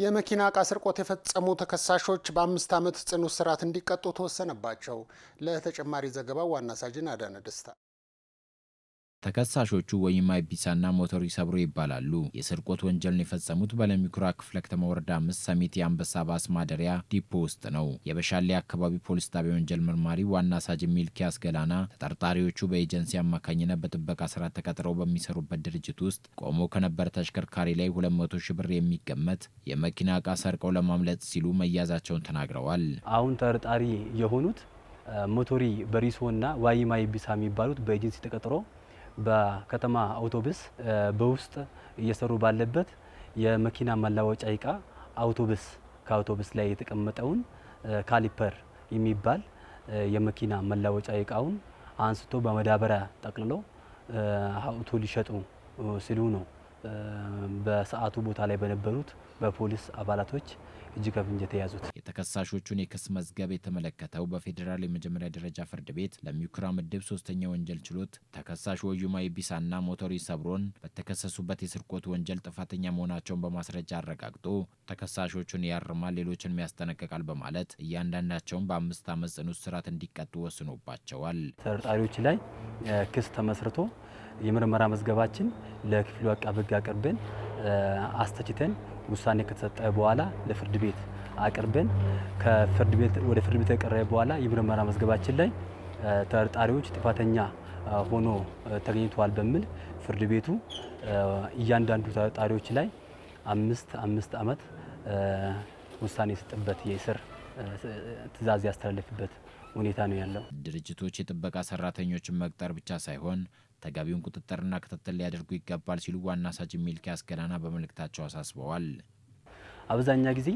የመኪና ዕቃ ስርቆት የፈጸሙ ተከሳሾች በአምስት ዓመት ጽኑ እስራት እንዲቀጡ ተወሰነባቸው። ለተጨማሪ ዘገባው ዋና ሳጅን አዳነ ደስታ ተከሳሾቹ ወይማ ቢሳና ሞተሪ ሰብሮ ይባላሉ። የስርቆት ወንጀልን የፈጸሙት በለሚኩራ ክፍለ ከተማ ወረዳ አምስት ሰሚት የአንበሳ ባስ ማደሪያ ዲፖ ውስጥ ነው። የበሻሌ አካባቢ ፖሊስ ጣቢያ ወንጀል መርማሪ ዋና ሳጅ ሚልኪያስ ገላና ተጠርጣሪዎቹ በኤጀንሲ አማካኝነት በጥበቃ ስራ ተቀጥረው በሚሰሩበት ድርጅት ውስጥ ቆሞ ከነበረ ተሽከርካሪ ላይ 200 ሺህ ብር የሚገመት የመኪና ዕቃ ሰርቀው ለማምለጥ ሲሉ መያዛቸውን ተናግረዋል። አሁን ተጠርጣሪ የሆኑት ሞቶሪ በሪሶና ዋይማ ኢቢሳ የሚባሉት በኤጀንሲ ተቀጥሮ በከተማ አውቶቡስ በውስጥ እየሰሩ ባለበት የመኪና መለዋወጫ እቃ አውቶቡስ ከአውቶቡስ ላይ የተቀመጠውን ካሊፐር የሚባል የመኪና መለዋወጫ እቃውን አንስቶ በመዳበሪያ ጠቅልሎ አውቶ ሊሸጡ ሲሉ ነው በሰዓቱ ቦታ ላይ በነበሩት በፖሊስ አባላቶች እጅ ከፍንጅ የተያዙት። የተከሳሾቹን የክስ መዝገብ የተመለከተው በፌዴራል የመጀመሪያ ደረጃ ፍርድ ቤት ለሚኩራ ምድብ ሶስተኛ ወንጀል ችሎት ተከሳሽ ወዩማ የቢሳና ሞተሪ ሰብሮን በተከሰሱበት የስርቆት ወንጀል ጥፋተኛ መሆናቸውን በማስረጃ አረጋግጦ ተከሳሾቹን ያርማል፣ ሌሎችን ያስጠነቅቃል በማለት እያንዳንዳቸውን በአምስት ዓመት ጽኑ እስራት እንዲቀጡ ወስኖባቸዋል። ተጠርጣሪዎች ላይ ክስ ተመስርቶ የምርመራ መዝገባችን ለክፍሉ አቃቤ ሕግ አቅርበን አስተችተን ውሳኔ ከተሰጠ በኋላ ለፍርድ ቤት አቅርበን ከፍርድ ቤት ወደ ፍርድ ቤት ከቀረበ በኋላ የምርመራ መዝገባችን ላይ ተጠርጣሪዎች ጥፋተኛ ሆኖ ተገኝተዋል በሚል ፍርድ ቤቱ እያንዳንዱ ተጠርጣሪዎች ላይ አምስት አምስት ዓመት ውሳኔ የሰጠበት የእስር ትዕዛዝ ያስተላለፍበት ሁኔታ ነው ያለው። ድርጅቶች የጥበቃ ሰራተኞችን መቅጠር ብቻ ሳይሆን ተገቢውን ቁጥጥርና ክትትል ሊያደርጉ ይገባል ሲሉ ዋና ሳጅ ሚልኪያስ ገናና በመልእክታቸው አሳስበዋል። አብዛኛ ጊዜ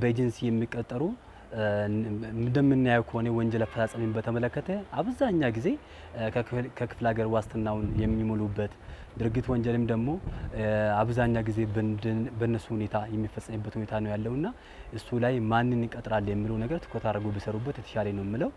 በኤጀንሲ የሚቀጠሩ እንደምናየው ከሆነ ወንጀል አፈጻጸሚን በተመለከተ አብዛኛ ጊዜ ከክፍለ ሀገር ዋስትናውን የሚሞሉበት ድርጊት ወንጀልም ደግሞ አብዛኛ ጊዜ በእነሱ ሁኔታ የሚፈጸምበት ሁኔታ ነው ያለውና እሱ ላይ ማንን ይቀጥራል የሚለው ነገር ትኩረት አድርጎ ቢሰሩበት የተሻለ ነው የምለው።